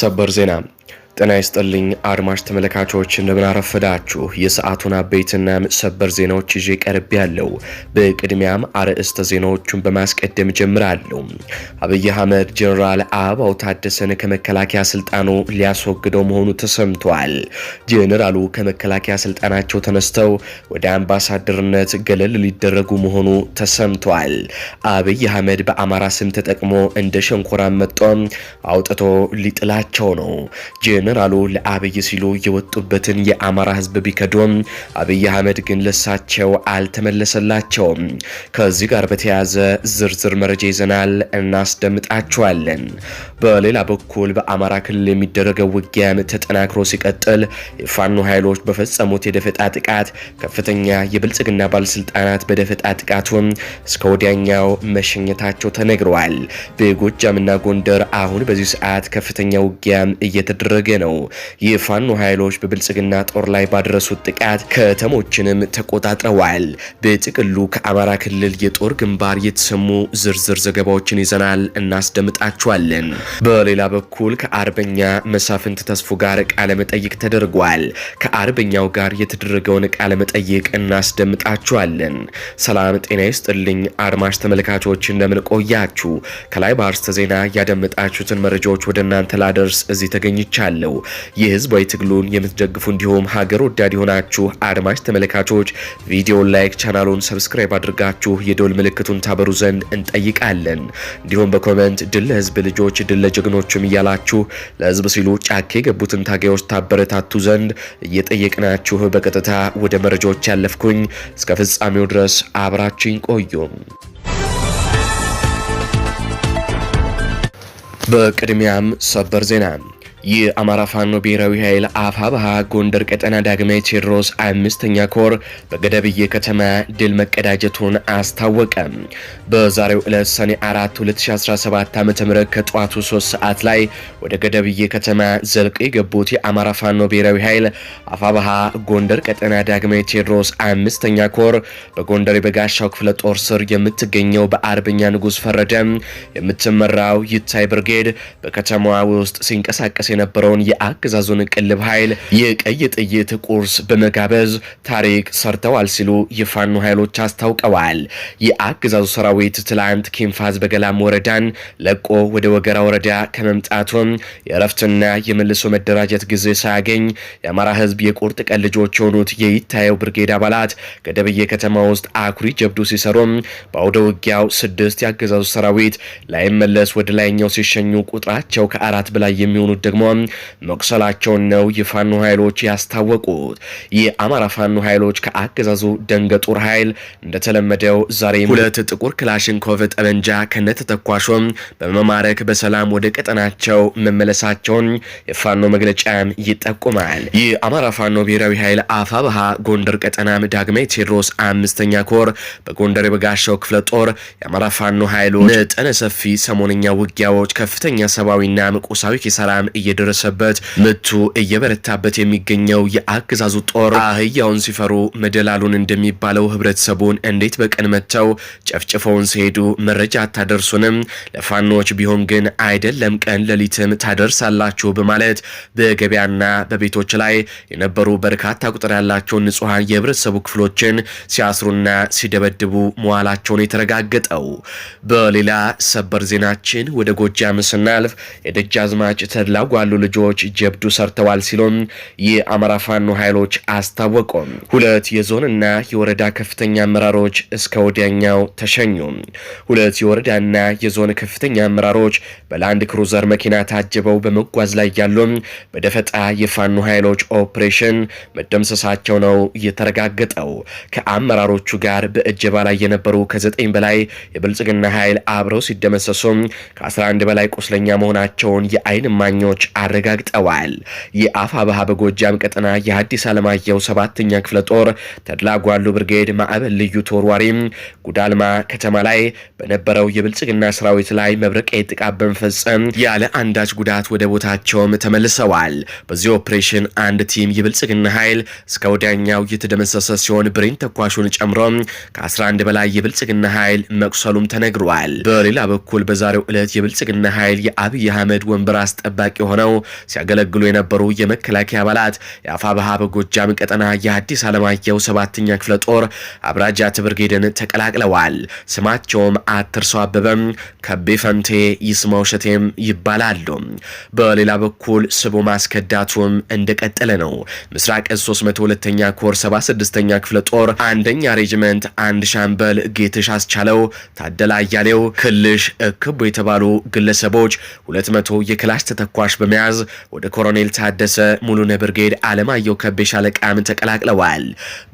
ሰበር ዜና ጤና ይስጥልኝ አድማጭ ተመልካቾች፣ እንደምን አረፈዳችሁ። የሰዓቱን አበይትና ሰበር ዜናዎች ይዤ ቀርብ ያለው። በቅድሚያም አርዕስተ ዜናዎቹን በማስቀደም ጀምራለሁ። አብይ አህመድ ጀኔራል አበባው ታደሰን ከመከላከያ ስልጣኑ ሊያስወግደው መሆኑ ተሰምቷል። ጀኔራሉ ከመከላከያ ስልጣናቸው ተነስተው ወደ አምባሳደርነት ገለል ሊደረጉ መሆኑ ተሰምቷል። አብይ አህመድ በአማራ ስም ተጠቅሞ እንደ ሸንኮራ መጥጦ አውጥቶ ሊጥላቸው ነው። ጀነራሉ ለአብይ ሲሉ የወጡበትን የአማራ ህዝብ ቢከዶም አብይ አህመድ ግን ለሳቸው አልተመለሰላቸውም። ከዚህ ጋር በተያያዘ ዝርዝር መረጃ ይዘናል፣ እናስደምጣችኋለን። በሌላ በኩል በአማራ ክልል የሚደረገው ውጊያም ተጠናክሮ ሲቀጥል የፋኖ ኃይሎች በፈጸሙት የደፈጣ ጥቃት ከፍተኛ የብልጽግና ባለስልጣናት በደፈጣ ጥቃቱም እስከ ወዲያኛው መሸኘታቸው ተነግረዋል። በጎጃምና ጎንደር አሁን በዚህ ሰዓት ከፍተኛ ውጊያም እየተደረገ ነው። የፋኖ ኃይሎች በብልጽግና ጦር ላይ ባደረሱት ጥቃት ከተሞችንም ተቆጣጥረዋል። በጥቅሉ ከአማራ ክልል የጦር ግንባር የተሰሙ ዝርዝር ዘገባዎችን ይዘናል፣ እናስደምጣችኋለን። በሌላ በኩል ከአርበኛ መሳፍንት ተስፉ ጋር ቃለመጠይቅ ተደርጓል። ከአርበኛው ጋር የተደረገውን ቃለመጠይቅ እናስደምጣችኋለን። ሰላም ጤና ይስጥልኝ አድማጭ ተመልካቾች እንደምን ቆያችሁ? ከላይ በአርስተ ዜና ያደመጣችሁትን መረጃዎች ወደ እናንተ ላደርስ እዚህ ተገኝቻለሁ። አመሰግናለሁ። ይህ ህዝባዊ ትግሉን የምትደግፉ እንዲሁም ሀገር ወዳድ የሆናችሁ አድማጭ ተመልካቾች ቪዲዮን ላይክ፣ ቻናሉን ሰብስክራይብ አድርጋችሁ የደወል ምልክቱን ታበሩ ዘንድ እንጠይቃለን። እንዲሁም በኮመንት ድል ለህዝብ ልጆች ድል ለጀግኖችም እያላችሁ ለህዝብ ሲሉ ጫካ የገቡትን ታጋዮች ታበረታቱ ዘንድ እየጠየቅናችሁ በቀጥታ ወደ መረጃዎች ያለፍኩኝ እስከ ፍጻሜው ድረስ አብራችኝ ቆዩም። በቅድሚያም ሰበር ዜና የአማራ ፋኖ ብሔራዊ ኃይል አፋብሃ ጎንደር ቀጠና ዳግማዊ ቴዎድሮስ አምስተኛ ኮር በገደብዬ ከተማ ድል መቀዳጀቱን አስታወቀ። በዛሬው ዕለት ሰኔ 4 2017 ዓ ም ከጠዋቱ 3 ሰዓት ላይ ወደ ገደብዬ ከተማ ዘልቅ የገቡት የአማራ ፋኖ ብሔራዊ ኃይል አፋብሃ ጎንደር ቀጠና ዳግማዊ ቴዎድሮስ አምስተኛ ኮር በጎንደር የበጋሻው ክፍለ ጦር ስር የምትገኘው በአርበኛ ንጉስ ፈረደ የምትመራው ይታይ ብርጌድ በከተማዋ ውስጥ ሲንቀሳቀስ የነበረውን የአገዛዙን ቅልብ ኃይል የቀይ ጥይት ቁርስ በመጋበዝ ታሪክ ሰርተዋል ሲሉ የፋኖ ኃይሎች አስታውቀዋል። የአገዛዙ ሰራዊት ትላንት ኪንፋዝ በገላም ወረዳን ለቆ ወደ ወገራ ወረዳ ከመምጣቱም የእረፍትና የመልሶ መደራጀት ጊዜ ሳያገኝ የአማራ ህዝብ የቁርጥ ቀን ልጆች የሆኑት የይታየው ብርጌድ አባላት ገደብዬ ከተማ ውስጥ አኩሪ ጀብዱ ሲሰሩም በአውደ ውጊያው ስድስት የአገዛዙ ሰራዊት ላይመለስ ወደ ላይኛው ሲሸኙ ቁጥራቸው ከአራት በላይ የሚሆኑት ደግሞ ተቃውሞም መቁሰላቸውን ነው የፋኖ ኃይሎች ያስታወቁት። የአማራ ፋኖ ኃይሎች ከአገዛዙ ደንገ ጦር ኃይል እንደተለመደው ዛሬ ሁለት ጥቁር ክላሽንኮቭ ጠመንጃ ከነተተኳሾም በመማረክ በሰላም ወደ ቀጠናቸው መመለሳቸውን የፋኖ መግለጫም ይጠቁማል። የአማራ ፋኖ ብሔራዊ ኃይል አፋብሃ ጎንደር ቀጠናም ዳግማዊ ቴዎድሮስ አምስተኛ ኮር በጎንደር የበጋሻው ክፍለ ጦር የአማራ ፋኖ ኃይሎች መጠነ ሰፊ ሰሞነኛ ውጊያዎች ከፍተኛ ሰብአዊና ቁሳዊ ኪሳራም እየደረሰበት ምቱ እየበረታበት የሚገኘው የአገዛዙ ጦር አህያውን ሲፈሩ መደላሉን እንደሚባለው ህብረተሰቡን እንዴት በቀን መጥተው ጨፍጭፈውን ሲሄዱ መረጃ አታደርሱንም? ለፋኖች ቢሆን ግን አይደለም ቀን ሌሊትም ታደርሳላችሁ በማለት በገበያና በቤቶች ላይ የነበሩ በርካታ ቁጥር ያላቸው ንጹሐን የህብረተሰቡ ክፍሎችን ሲያስሩና ሲደበድቡ መዋላቸውን የተረጋገጠው። በሌላ ሰበር ዜናችን ወደ ጎጃም ስናልፍ የደጃዝማች ተድላጓ ያሉ ልጆች ጀብዱ ሰርተዋል ሲሉም የአማራ ፋኖ ኃይሎች አስታወቁም። ሁለት የዞንና የወረዳ ከፍተኛ አመራሮች እስከ ወዲያኛው ተሸኙ። ሁለት የወረዳና የዞን ከፍተኛ አመራሮች በላንድ ክሩዘር መኪና ታጅበው በመጓዝ ላይ ያሉ በደፈጣ የፋኖ ኃይሎች ኦፕሬሽን መደምሰሳቸው ነው የተረጋገጠው። ከአመራሮቹ ጋር በእጀባ ላይ የነበሩ ከዘጠኝ በላይ የብልጽግና ኃይል አብረው ሲደመሰሱ ከ11 በላይ ቁስለኛ መሆናቸውን የአይን ማኞች አረጋግጠዋል። የአፋብኃ በጎጃም ቀጠና የሐዲስ ዓለማየሁ ሰባተኛ ክፍለ ጦር ተድላ ጓሉ ብርጌድ ማዕበል ልዩ ተወርዋሪም ጉዳልማ ከተማ ላይ በነበረው የብልጽግና ሰራዊት ላይ መብረቃዊ ጥቃት በመፈጸም ያለ አንዳች ጉዳት ወደ ቦታቸውም ተመልሰዋል። በዚህ ኦፕሬሽን አንድ ቲም የብልጽግና ኃይል እስከ ወዲያኛው የተደመሰሰ ሲሆን ብሬን ተኳሹን ጨምሮ ከ11 በላይ የብልጽግና ኃይል መቁሰሉም ተነግሯል። በሌላ በኩል በዛሬው ዕለት የብልጽግና ኃይል የአብይ አህመድ ወንበር አስጠባቂ የሆነ ሆነው ሲያገለግሉ የነበሩ የመከላከያ አባላት የአፋብኃ በጎጃም ቀጠና የአዲስ አለማየሁ ሰባተኛ ክፍለ ጦር አብራጃት ብርጌድን ተቀላቅለዋል። ስማቸውም አትርሰው አበበም፣ ከቤ ፈንቴ፣ ይስማው ይባላሉ። በሌላ በኩል ስቡ ማስከዳቱም እንደቀጠለ ነው። ምስራቅ 302ኛ ኮር 76ኛ ክፍለ ጦር አንደኛ ሬጅመንት አንድ ሻምበል ጌትሽ አስቻለው፣ ታደላ አያሌው፣ ክልሽ እክቡ የተባሉ ግለሰቦች 200 የክላሽ ተተኳሽ በመያዝ ወደ ኮሎኔል ታደሰ ሙሉ ነብርጌድ አለማየሁ ከቤ ሻለቃም ተቀላቅለዋል።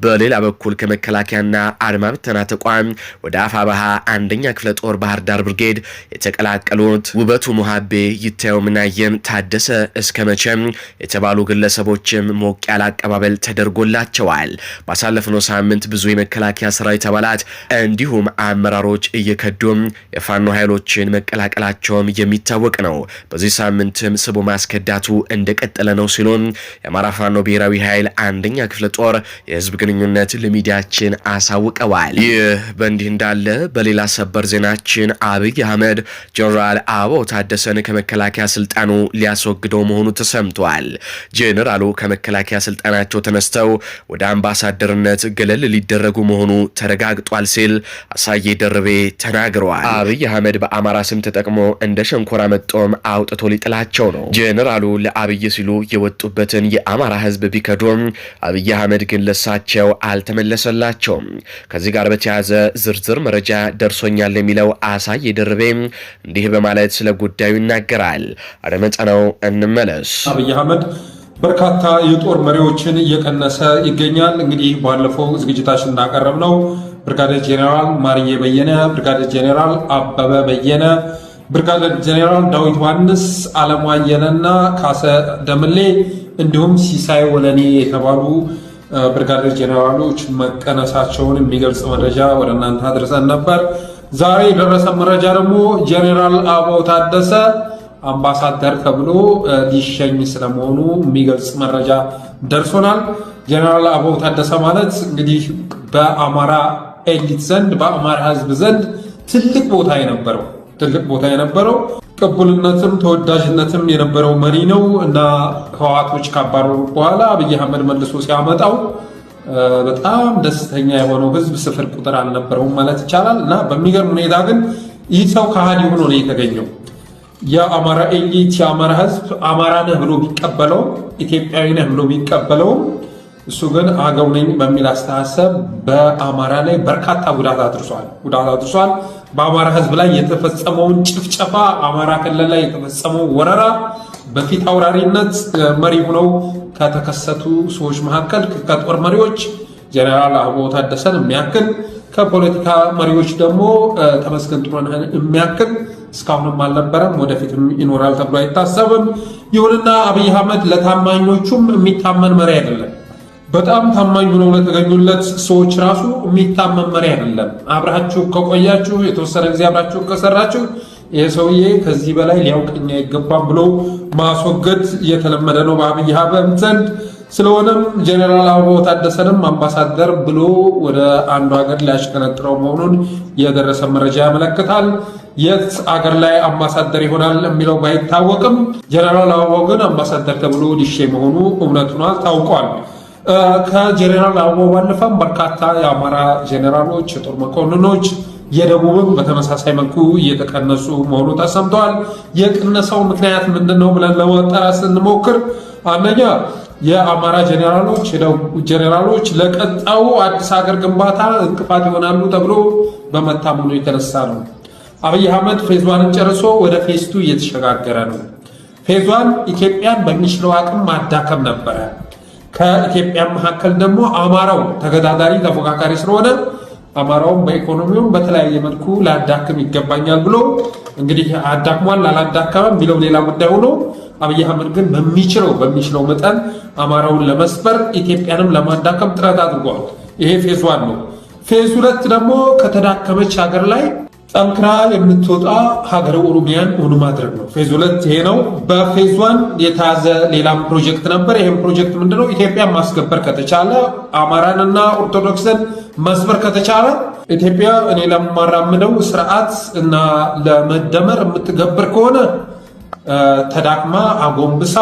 በሌላ በኩል ከመከላከያና አድማ ብተና ተቋም ወደ አፋባሃ አንደኛ ክፍለ ጦር ባህር ዳር ብርጌድ የተቀላቀሉት ውበቱ ሙሃቤ ይታየው ምናየም፣ ታደሰ እስከ መቼም የተባሉ ግለሰቦችም ሞቅ ያለ አቀባበል ተደርጎላቸዋል። ባሳለፍነው ሳምንት ብዙ የመከላከያ ሰራዊት አባላት እንዲሁም አመራሮች እየከዱም የፋኖ ኃይሎችን መቀላቀላቸውም የሚታወቅ ነው። በዚህ ሳምንትም ስቦ ማስከዳቱ እንደቀጠለ ነው ሲሉም የአማራ ፋኖ ብሔራዊ ኃይል አንደኛ ክፍለ ጦር የህዝብ ግንኙነት ለሚዲያችን አሳውቀዋል። ይህ በእንዲህ እንዳለ በሌላ ሰበር ዜናችን አብይ አህመድ ጀኔራል አበባው ታደሰን ከመከላከያ ስልጣኑ ሊያስወግደው መሆኑ ተሰምቷል። ጄኔራሉ ከመከላከያ ስልጣናቸው ተነስተው ወደ አምባሳደርነት ገለል ሊደረጉ መሆኑ ተረጋግጧል ሲል አሳዬ ደርቤ ተናግረዋል። አብይ አህመድ በአማራ ስም ተጠቅሞ እንደ ሸንኮራ መጦም አውጥቶ ሊጥላቸው ነው። ጄኔራሉ ለአብይ ሲሉ የወጡበትን የአማራ ህዝብ ቢከዱም አብይ አህመድ ግን ለሳቸው አልተመለሰላቸውም። ከዚህ ጋር በተያያዘ ዝርዝር መረጃ ደርሶኛል የሚለው አሳይ ደርቤ እንዲህ በማለት ስለ ጉዳዩ ይናገራል። አደመጠ ነው፣ እንመለስ። አብይ አህመድ በርካታ የጦር መሪዎችን እየቀነሰ ይገኛል። እንግዲህ ባለፈው ዝግጅታችን እንዳቀረብ ነው ብርጋዴር ጄኔራል ማርዬ በየነ፣ ብርጋዴር ጄኔራል አበበ በየነ ብርጋደር ጀኔራል ዳዊት ዮሐንስ፣ አለሙ አየለና ካሰ ደምሌ እንዲሁም ሲሳይ ወለኔ የተባሉ ብርጋደር ጀኔራሎች መቀነሳቸውን የሚገልጽ መረጃ ወደ እናንተ አድርሰን ነበር። ዛሬ የደረሰ መረጃ ደግሞ ጀኔራል አበው ታደሰ አምባሳደር ተብሎ ሊሸኝ ስለመሆኑ የሚገልጽ መረጃ ደርሶናል። ጀኔራል አበው ታደሰ ማለት እንግዲህ በአማራ ኤሊት ዘንድ በአማራ ሕዝብ ዘንድ ትልቅ ቦታ የነበረው ትልቅ ቦታ የነበረው ቅቡልነትም ተወዳጅነትም የነበረው መሪ ነው እና ህዋቶች ካባረሩ በኋላ አብይ አህመድ መልሶ ሲያመጣው በጣም ደስተኛ የሆነው ህዝብ ስፍር ቁጥር አልነበረውም ማለት ይቻላል። እና በሚገርም ሁኔታ ግን ይህ ሰው ከሃዲ ሆኖ ነው የተገኘው። የአማራ ኤሊት የአማራ ህዝብ አማራ ነህ ብሎ ቢቀበለውም ኢትዮጵያዊ ነህ ብሎ ቢቀበለውም እሱ ግን አገው ነኝ በሚል አስተሳሰብ በአማራ ላይ በርካታ ጉዳት አድርሷል ጉዳት አድርሷል። በአማራ ህዝብ ላይ የተፈጸመውን ጭፍጨፋ፣ አማራ ክልል ላይ የተፈጸመው ወረራ በፊት አውራሪነት መሪ ሆነው ከተከሰቱ ሰዎች መካከል ከጦር መሪዎች ጀኔራል አበባው ታደሰን የሚያክል ከፖለቲካ መሪዎች ደግሞ ተመስገን ጥሩነህን የሚያክል እስካሁንም አልነበረም፣ ወደፊትም ይኖራል ተብሎ አይታሰብም። ይሁንና አብይ አህመድ ለታማኞቹም የሚታመን መሪ አይደለም። በጣም ታማኝ ሆነው ለተገኙለት ሰዎች ራሱ የሚታመን መሪ አይደለም። አብራችሁ ከቆያችሁ የተወሰነ ጊዜ አብራችሁ ከሰራችሁ ይህ ሰውዬ ከዚህ በላይ ሊያውቅኝ አይገባም ብሎ ማስወገድ የተለመደ ነው በአብይ አህመድ ዘንድ። ስለሆነም ጀኔራል አበባው ታደሰንም አምባሳደር ብሎ ወደ አንዱ ሀገር ሊያሽቀነጥረው መሆኑን የደረሰ መረጃ ያመለክታል። የት አገር ላይ አምባሳደር ይሆናል የሚለው ባይታወቅም ጀኔራል አበባው ግን አምባሳደር ተብሎ ዲሼ መሆኑ እውነቱን ታውቋል። ከጀኔራል አበባው ባለፈም በርካታ የአማራ ጀኔራሎች፣ የጦር መኮንኖች የደቡብም በተመሳሳይ መልኩ እየተቀነሱ መሆኑ ተሰምተዋል። የቅነሰው ምክንያት ምንድን ነው ብለን ለመጠራ ስንሞክር አንደኛ የአማራ ጀኔራሎች የደቡብ ጀኔራሎች ለቀጣው አዲስ ሀገር ግንባታ እንቅፋት ይሆናሉ ተብሎ በመታመኑ የተነሳ ነው። አብይ አህመድ ፌዝዋንን ጨርሶ ወደ ፌስቱ እየተሸጋገረ ነው። ፌዝዋን ኢትዮጵያን በሚችለው አቅም ማዳከም ነበረ። ከኢትዮጵያ መካከል ደግሞ አማራው ተገዳዳሪ ተፎካካሪ ስለሆነ አማራውም በኢኮኖሚውም በተለያየ መልኩ ላዳክም ይገባኛል ብሎ እንግዲህ አዳክሟል አላዳከመ የሚለው ሌላ ጉዳይ ሆኖ አብይ አህመድ ግን በሚችለው በሚችለው መጠን አማራውን ለመስበር ኢትዮጵያንም ለማዳከም ጥረት አድርጓል። ይሄ ፌዝ ዋን ነው። ፌዝ ሁለት ደግሞ ከተዳከመች ሀገር ላይ ጠንክራ የምትወጣ ሀገረ ኦሮሚያን ሆኑ ማድረግ ነው። ፌዝ ሁለት ይሄ ነው። በፌዝ ዋን የተያዘ ሌላ ፕሮጀክት ነበር። ይህም ፕሮጀክት ምንድነው? ኢትዮጵያን ማስገበር ከተቻለ አማራንና ኦርቶዶክስን መስበር ከተቻለ ኢትዮጵያ እኔ ለማራምደው ስርዓት እና ለመደመር የምትገብር ከሆነ ተዳክማ አጎንብሳ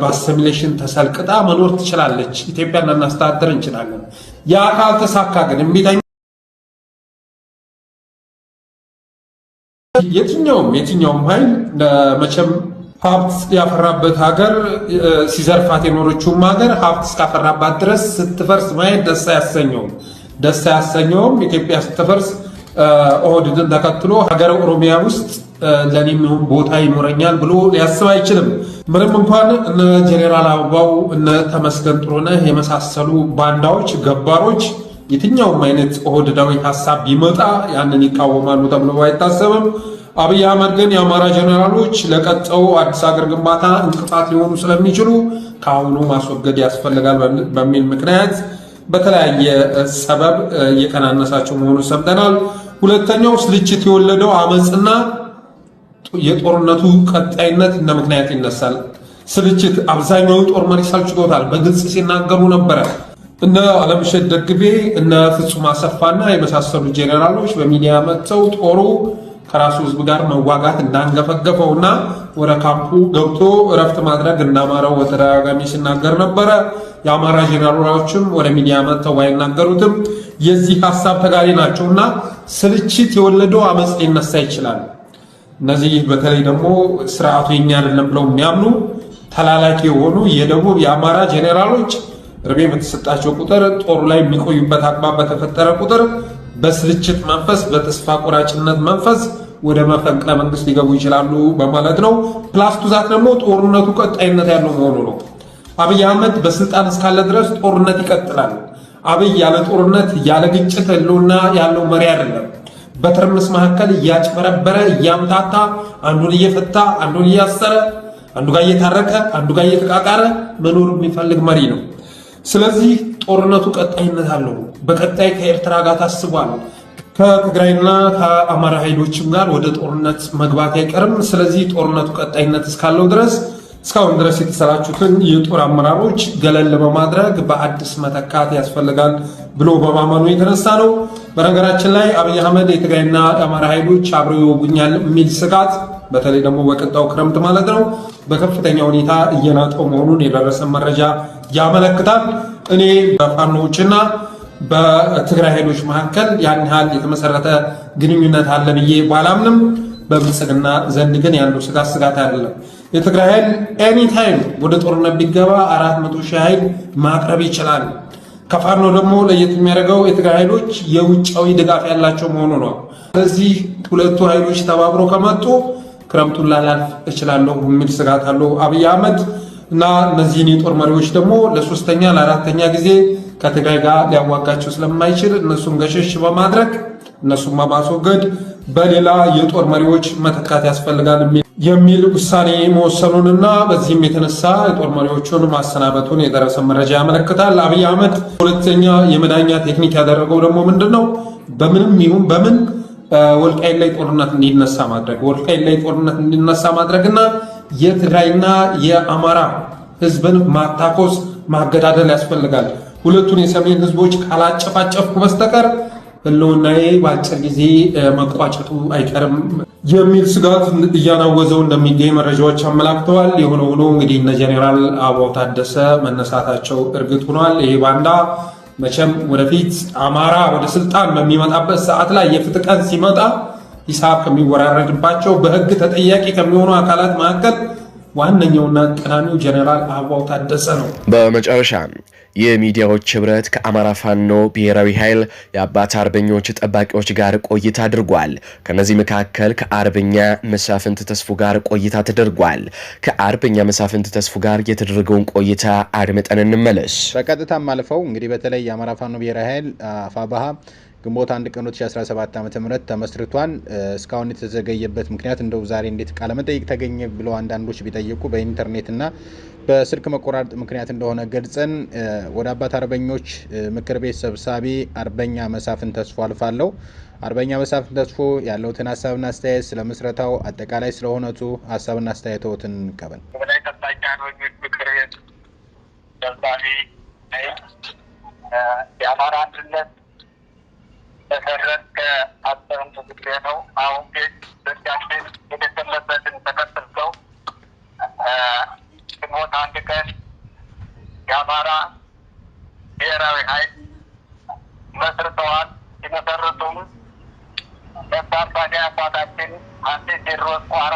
በአሲሚሌሽን ተሰልቅጣ መኖር ትችላለች። ኢትዮጵያን እናስተዳደር እንችላለን። ያ ካልተሳካ ግን የትኛውም የትኛውም ኃይል መቼም ሀብት ያፈራበት ሀገር ሲዘርፋት የኖረችውም ሀገር ሀብት እስካፈራባት ድረስ ስትፈርስ ማየት ደስ አያሰኘውም። ደስ አያሰኘውም። ኢትዮጵያ ስትፈርስ ኦህድድን ተከትሎ ሀገር ኦሮሚያ ውስጥ ለኔም ቦታ ይኖረኛል ብሎ ሊያስብ አይችልም። ምንም እንኳን እነ ጄኔራል አበባው እነ ተመስገን ጥሩነህ የመሳሰሉ ባንዳዎች ገባሮች የትኛውም አይነት ኦህዴዳዊ ሀሳብ ቢመጣ ያንን ይቃወማሉ ተብሎ አይታሰብም። አብይ አህመድ ግን የአማራ ጀኔራሎች ለቀጠው አዲስ ሀገር ግንባታ እንቅፋት ሊሆኑ ስለሚችሉ ከአሁኑ ማስወገድ ያስፈልጋል በሚል ምክንያት በተለያየ ሰበብ እየከናነሳቸው መሆኑ ሰምተናል። ሁለተኛው ስልችት የወለደው አመፅና የጦርነቱ ቀጣይነት እንደ ምክንያት ይነሳል። ስልችት አብዛኛው ጦር መሪ ሰልችቶታል፣ በግልጽ ሲናገሩ ነበረ። እነ አለምሸት ደግፌ እነ ፍጹም አሰፋና የመሳሰሉ ጄኔራሎች በሚዲያ መጥተው ጦሩ ከራሱ ህዝብ ጋር መዋጋት እንዳንገፈገፈው እና ወደ ካምፑ ገብቶ እረፍት ማድረግ እንዳማረው በተደጋጋሚ ሲናገር ነበረ። የአማራ ጄኔራሎችም ወደ ሚዲያ መጥተው ባይናገሩትም የዚህ ሀሳብ ተጋሪ ናቸው እና ስልችት የወለደው አመፅ ሊነሳ ይችላል። እነዚህ በተለይ ደግሞ ስርዓቱ የኛ አይደለም ብለው የሚያምኑ ተላላኪ የሆኑ የደቡብ የአማራ ጄኔራሎች እድሜ በተሰጣቸው ቁጥር ጦሩ ላይ የሚቆዩበት አግባብ በተፈጠረ ቁጥር በስልችት መንፈስ፣ በተስፋ ቆራጭነት መንፈስ ወደ መፈንቅለ መንግስት ሊገቡ ይችላሉ በማለት ነው። ፕላስ ቱዛት ደግሞ ጦርነቱ ቀጣይነት ያለው መሆኑ ነው። አብይ አህመድ በስልጣን እስካለ ድረስ ጦርነት ይቀጥላል። አብይ ያለ ጦርነት ያለ ግጭት ህልውና ያለው መሪ አይደለም። በትርምስ መካከል እያጭበረበረ እያምታታ አንዱን እየፈታ አንዱን እያሰረ አንዱ ጋር እየታረቀ አንዱ ጋር እየተቃቃረ መኖር የሚፈልግ መሪ ነው። ስለዚህ ጦርነቱ ቀጣይነት አለው። በቀጣይ ከኤርትራ ጋር ታስቧል። ከትግራይና ከአማራ ኃይሎችም ጋር ወደ ጦርነት መግባት አይቀርም። ስለዚህ ጦርነቱ ቀጣይነት እስካለው ድረስ እስካሁን ድረስ የተሰራችሁትን የጦር አመራሮች ገለል በማድረግ በአዲስ መተካት ያስፈልጋል ብሎ በማመኑ የተነሳ ነው። በነገራችን ላይ አብይ አህመድ የትግራይና የአማራ ኃይሎች አብረው ይወጉኛል የሚል ስጋት በተለይ ደግሞ በቀጣው ክረምት ማለት ነው በከፍተኛ ሁኔታ እየናጠው መሆኑን የደረሰ መረጃ ያመለክታል። እኔ በፋኖዎችና በትግራይ ኃይሎች መካከል ያን ያህል የተመሰረተ ግንኙነት አለ ብዬ ባላምንም በብልጽግና ዘንድ ግን ያለው ስጋት ስጋት አይደለም። የትግራይ ኃይል ኤኒታይም ወደ ጦርነት ቢገባ አራት መቶ ሺህ ኃይል ማቅረብ ይችላል። ከፋኖ ደግሞ ለየት የሚያደርገው የትግራይ ኃይሎች የውጫዊ ድጋፍ ያላቸው መሆኑ ነው። ስለዚህ ሁለቱ ኃይሎች ተባብሮ ከመጡ ክረምቱን ላላልፍ እችላለሁ የሚል ስጋት አለው አብይ አህመድ እና እነዚህን የጦር መሪዎች ደግሞ ለሶስተኛ ለአራተኛ ጊዜ ከትግራይ ጋር ሊያዋጋቸው ስለማይችል እነሱን ገሸሽ በማድረግ እነሱን በማስወገድ በሌላ የጦር መሪዎች መተካት ያስፈልጋል የሚል ውሳኔ መወሰኑንና በዚህም የተነሳ የጦር መሪዎቹን ማሰናበቱን የደረሰ መረጃ ያመለክታል። አብይ አህመድ ሁለተኛ የመዳኛ ቴክኒክ ያደረገው ደግሞ ምንድን ነው? በምንም ይሁን በምን ወልቃይት ላይ ጦርነት እንዲነሳ ማድረግ ወልቃይት ላይ ጦርነት እንዲነሳ ማድረግና የትግራይና የአማራ ህዝብን ማታኮስ ማገዳደል ያስፈልጋል። ሁለቱን የሰሜን ህዝቦች ካላጨፋጨፍኩ በስተቀር ህልውናዬ በአጭር ጊዜ መቋጨቱ አይቀርም የሚል ስጋት እያናወዘው እንደሚገኝ መረጃዎች አመላክተዋል። የሆነ ሆኖ እንግዲህ እነ ጄኔራል አበባው ታደሰ መነሳታቸው እርግጥ ሆኗል። ይሄ ባንዳ መቼም ወደፊት አማራ ወደ ስልጣን በሚመጣበት ሰዓት ላይ የፍትህ ቀን ሲመጣ ሂሳብ ከሚወራረድባቸው በህግ ተጠያቂ ከሚሆኑ አካላት መካከል ዋነኛውና ቀዳሚው ጀኔራል አበባው ታደሰ ነው። በመጨረሻ የሚዲያዎች ህብረት ከአማራ ፋኖ ብሔራዊ ኃይል የአባት አርበኞች ጠባቂዎች ጋር ቆይታ አድርጓል። ከነዚህ መካከል ከአርበኛ መሳፍንት ተስፉ ጋር ቆይታ ተደርጓል። ከአርበኛ መሳፍንት ተስፉ ጋር የተደረገውን ቆይታ አድምጠን እንመለስ። በቀጥታም አልፈው እንግዲህ በተለይ የአማራ ፋኖ ብሔራዊ ኃይል አፋባሃ ግንቦት አንድ ቀን 2017 ዓ ም ተመስርቷን እስካሁን የተዘገየበት ምክንያት እንደው ዛሬ እንዴት መጠይቅ ተገኘ ብለው አንዳንዶች ቢጠይቁ በኢንተርኔትና በስልክ መቆራረጥ ምክንያት እንደሆነ ገልጸን ወደ አባት አርበኞች ምክር ቤት ሰብሳቢ አርበኛ መሳፍን ተስፎ አልፋለሁ። አርበኛ መሳፍን ተስፎ ያለውትን ሀሳብና አስተያየት ስለ ምስረታው አጠቃላይ ስለ ሁነቱ ሀሳብና ቀበል ምክር ቤት የአማራ አንድነት ተሰረቀ አጠንት ጊዜ ነው። አሁን ግን በጃችን የተሰለበትን ተከትለው ግንቦት አንድ ቀን የአማራ ብሔራዊ ኃይል መስርተዋል። የመሰረቱም ነባር አባታችን አፄ ቴዎድሮስ ቋራ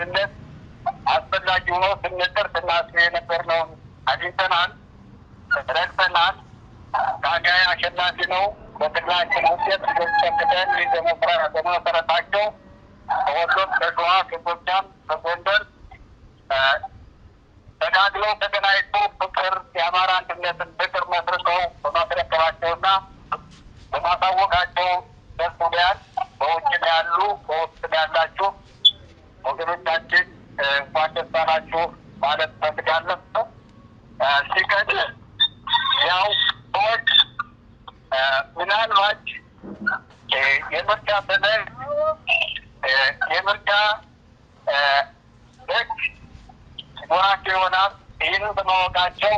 ለመመለስ አስፈላጊ ሆኖ ስንጥር ስናስብ የነበርነውን አግኝተናል፣ ረግተናል። ታጋይ አሸናፊ ነው። በትግላችን ውጤት ተከተል በመሰረታቸው በወሎ፣ በሸዋ፣ በጎጃም፣ በጎንደር ተጋግለው ተገናኝተው ፍቅር የአማራ አንድነትን ፍቅር መስርተው በማስረከባቸውና በማሳወቃቸው ያሉ ያላችሁ ወገኖቻችን እንኳን ደስ አላችሁ ማለት ፈልጋለሁ። ሲቀጥል ያው ሰዎች ምናልባት የምርጫ ዘመን የምርጫ ህግ ሲኖራቸው ይሆናል። ይህንን በማወቃቸው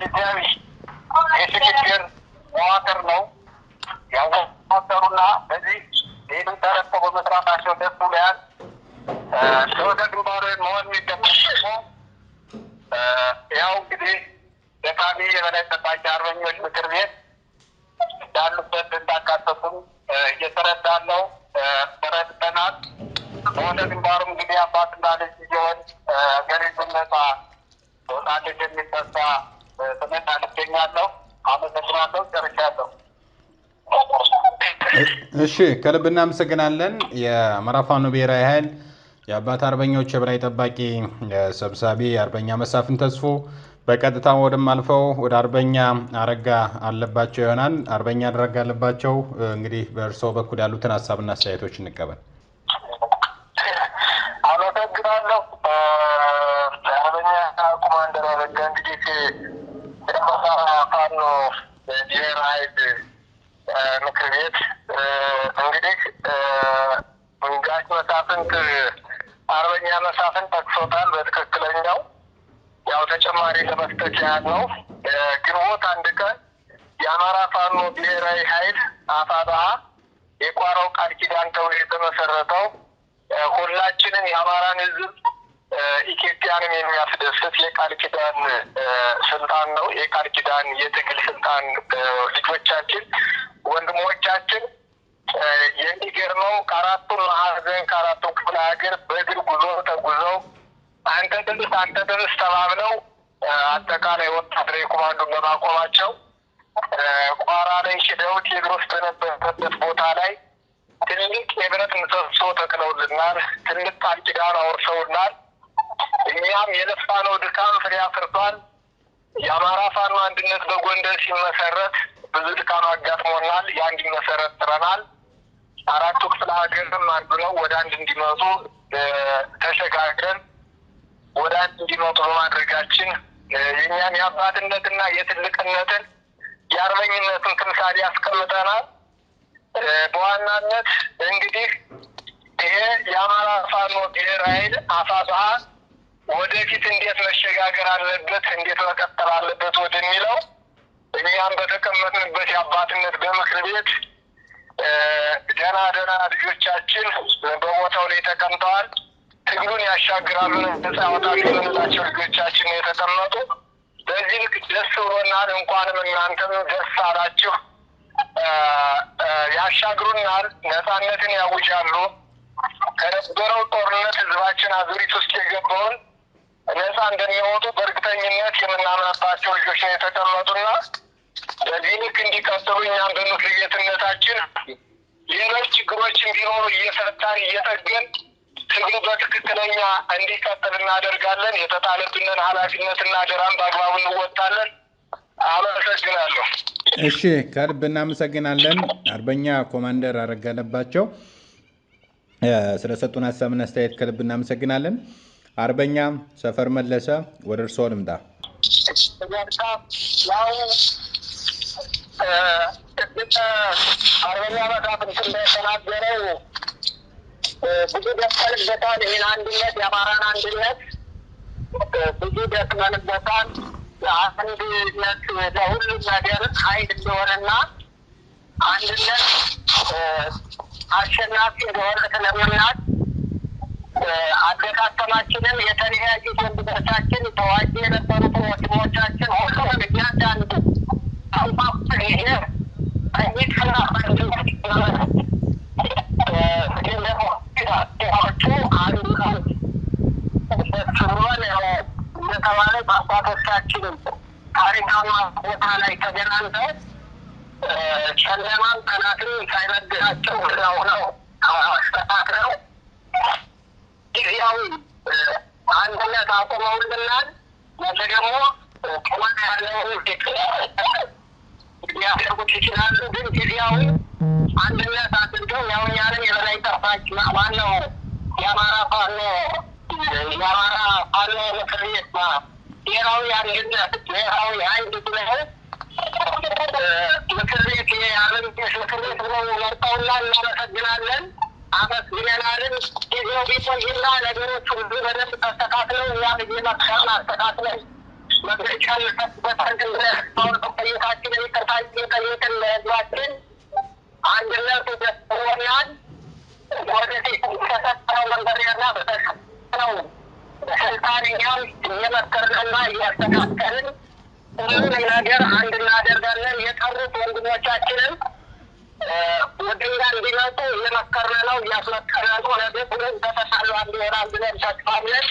ጊዜያዊ የሽግግር መዋቅር ነው ያዋቀሩና በዚህ ይህንም ተረድተው በመስራታቸው ደስ ብሎናል። ለወደ ግንባሩ መሆን የሚገባቸው ያው እንግዲህ ደካሚ የበላይ ጠባቂ አርበኞች ምክር ቤት እንዳሉበት እንዳካተቱም እየተረዳለው ነው። ተረድተናል። በወደ ግንባሩም እንግዲህ አባትና ልጅ ጊዜዎች ገሪዝም ነጻ ወጣቶች የሚጠሳ ትምህርት አንገኛለሁ። አመሰግናለሁ። ጨርሻለሁ። እሺ ከልብ እናመሰግናለን። የአማራ ፋኖ ብሔራዊ ኃይል የአባት አርበኛዎች የበላይ ጠባቂ ሰብሳቢ አርበኛ መሳፍን ተስፎ በቀጥታ ወደም አልፈው ወደ አርበኛ አረጋ አለባቸው ይሆናል። አርበኛ አረጋ አለባቸው እንግዲህ በእርስዎ በኩል ያሉትን ሀሳብና አስተያየቶች እንቀበል። አመሰግናለሁ። አርበኛ ኮማንደር አረጋ እንግዲህ የአማራ ፋኖ ብሔራዊ ኃይል ምክር ቤት እንግዲህ ጋሽ መሳፍንት አርበኛ መሳፍንት ጠቅሶታል። በትክክለኛው ያው ተጨማሪ ለመስጠት ያህል ነው። ግንቦት አንድ ቀን የአማራ ፋኖ ብሔራዊ ኃይል አፋባሀ የቋራው ቃል ኪዳን ተብሎ የተመሰረተው ሁላችንም የአማራን ሕዝብ ኢትዮጵያንም የሚያስደስት የቃል ኪዳን ስልጣን ነው። የቃል ኪዳን የትግል ስልጣን ልጆቻችን፣ ወንድሞቻችን የሚገርመው ከአራቱ ማዕዘን ከአራቱ ክፍለ ሀገር በእግር ጉዞ ተጉዘው አንተ ድምፅ አንተ ድምፅ ተባብለው አጠቃላይ ወታደራዊ ኮማንዶን በማቆማቸው ቋራ ላይ ሽደው ቴዎድሮስ በነበረበት ቦታ ላይ ትልቅ የብረት ምሰሶ ተክለውልናል። ትልቅ ቃል ኪዳን አውርሰውናል። እኛም የለፋነው ድካም ፍሬ አፍርቷል። የአማራ ፋኖ አንድነት በጎንደር ሲመሰረት ብዙ ድካም አጋጥሞናል። የአንድ መሰረት ጥረናል። አራቱ ክፍለ ሀገርም አንዱ ነው። ወደ አንድ እንዲመጡ ተሸጋግረን ወደ አንድ እንዲመጡ በማድረጋችን የእኛን የአባትነትና የትልቅነትን የአርበኝነትን ትምሳሌ ያስቀምጠናል። በዋናነት እንግዲህ ይሄ የአማራ ፋኖ ብሔር ኃይል አፋባ ወደፊት እንዴት መሸጋገር አለበት፣ እንዴት መቀጠል አለበት ወደሚለው እኛም በተቀመጥንበት የአባትነት በምክር ቤት ደህና ደህና ልጆቻችን በቦታው ላይ ተቀምጠዋል። ትግሉን ያሻግራሉ፣ ነጻ ያወጣሉ የምንላቸው ልጆቻችን ነው የተቀመጡ። በዚህ ደስ ብሎናል። እንኳንም እናንተም ደስ አላችሁ። ያሻግሩናል፣ ነፃነትን ያውጃሉ። ከነበረው ጦርነት ህዝባችን አዙሪት ውስጥ የገባውን ነፃ እንደሚወጡ በእርግጠኝነት የምናምናባቸው ልጆች ነው የተቀመጡና በዚህ ልክ እንዲቀጥሉ እኛም በምክር ቤትነታችን ሌሎች ችግሮችን ቢኖሩ እየፈታን እየጠገን ትግሉ በትክክለኛ እንዲቀጥል እናደርጋለን። የተጣለብንን እና አደራን በአግባቡ እንወጣለን። አመሰግናለሁ። እሺ፣ ከልብ እናመሰግናለን አርበኛ ኮማንደር አረጋለባቸው ስለሰጡን ሀሳብና አስተያየት ከልብ እናመሰግናለን። አርበኛ ሰፈር መለሰ ወደ እርስዎ ልምጣ። ቅድመ አርበኛ መሳፍንት እንደተናገረው ብዙ ደክመንበታል። ይህን አንድነት የአማራን አንድነት ብዙ ደክመንበታል። ለሁሉም ነገር ኃይል እንደሆነና አንድነት አሸናፊ እንደሆነ ስለምናት አደካከማችንን የተለያዩ ወንድሞቻችን የነበሩት ወንድሞቻችን ሁሉም እያንዳንዱ የተባለ በአባቶቻችን ታሪካማ ቦታ ላይ ተገናኝተው ጨለማም አንድነት አቁመውልናል። ደግሞ ቁመት ያለው ሊያደርጉት ይችላሉ። ግን ጊዜያዊ አንድነት አድርገው ያው ያንን የበላይ ጠርታች ዋናው የአማራ ፋኖ የአማራ ፋኖ ምክር ቤት ብሔራዊ አንድነት ብሔራዊ ሀይል ብለው ምክር ቤት የአመንቴሽ ምክር ቤት ብለው መርጠውና እናመሰግናለን አመስግነናልን። ጊዜው ቢቆይና ነገሮች ሁሉ በደንብ ተስተካክለው እኛም እየመከርን አስተካክለን መግለጫ በፈርድነት ቆየታችን ይቅርታ እየጠየቅን ለህዝባችን አንድነቱ ደስሆናል ወደፊት በተሰጠው መንበሪያና በተሰጠው ስልጣን እኛም እየመከርንና እያስተካከልን ሁሉንም ነገር አንድ እናደርጋለን። የቀሩት ወንድሞቻችንም ወደ እኛ እንዲመጡ እየመከርን ነው፣ እያስመከርን ነው። ነገ ሁሉም ተተሳሉ አንድ ይሆናል ብለን ተስፋለን።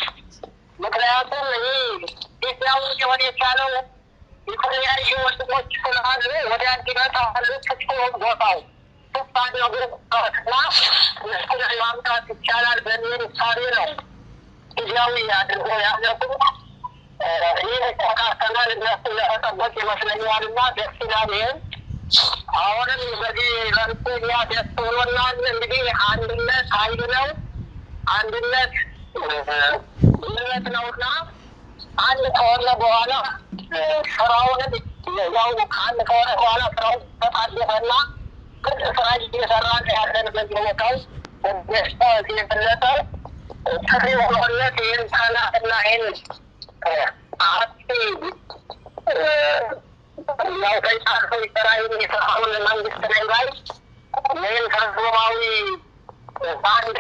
ምክንያቱም ይሄ ኢትዮጵያ ውስጥ ሊሆን የቻለው የተለያዩ ወንድሞች ስላሉ ወደ አንድነት አሉ ትክክል ቦታው ስፋኔ ግርና ምስኩን ማምጣት ይቻላል በሚል እሳቤ ነው ጊዜያዊ አድርጎ ያደርጉ ይህ ተካተናል እነሱ ለመጠበቅ ይመስለኛል እና ደስ ይላል። ይህም አሁንም በዚህ መልኩ እኛ ደስ ብሎናል። እንግዲህ አንድነት ኃይል ነው። አንድነት እምነት ነውና አንድ ከሆነ በኋላ ስራውን ያው ከአንድ ከሆነ በኋላ ስራውን ተጣደፈና ግን ስራ እየሰራ ያለን በዚህ ሁኔታ ውስጥ ደስታ የበለጠ ጥሪ ሆኖለት ይህን ታላቅና ይህን አጤ ያው ተጫርቶ ይሰራይን የሰራውን መንግስት ላይ ላይ ይህን ተርጎማዊ በአንድ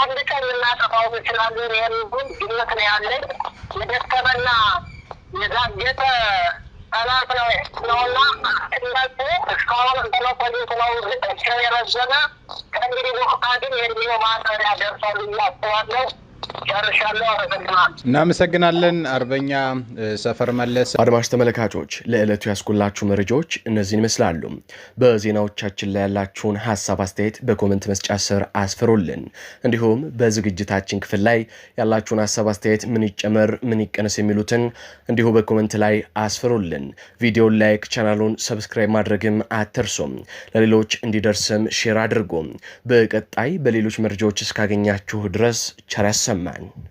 አንድ ቀን ልናጠፋው እንችላለን። ይህን ግምት ነው ያለኝ። የደከመና የዛገጠ ጠላት ነው ነውና እንዳት እስካሁን ስለቆዩት ነው ዝቅቸው የረዘመ ከእንግዲህ በኋላ ግን የእድሜው ማሰሪያ ደርሷል ብዬ እናመሰግናለን አርበኛ ሰፈር መለስ። አድማሽ ተመልካቾች ለዕለቱ ያስኩላችሁ መረጃዎች እነዚህን ይመስላሉ። በዜናዎቻችን ላይ ያላችሁን ሀሳብ አስተያየት በኮመንት መስጫ ስር አስፍሩልን። እንዲሁም በዝግጅታችን ክፍል ላይ ያላችሁን ሀሳብ አስተያየት፣ ምን ይጨመር ምን ይቀነስ የሚሉትን እንዲሁ በኮመንት ላይ አስፍሩልን። ቪዲዮን ላይክ፣ ቻናሉን ሰብስክራይብ ማድረግም አትርሱም። ለሌሎች እንዲደርስም ሼር አድርጉ። በቀጣይ በሌሎች መረጃዎች እስካገኛችሁ ድረስ ቸር ያሰማል። man.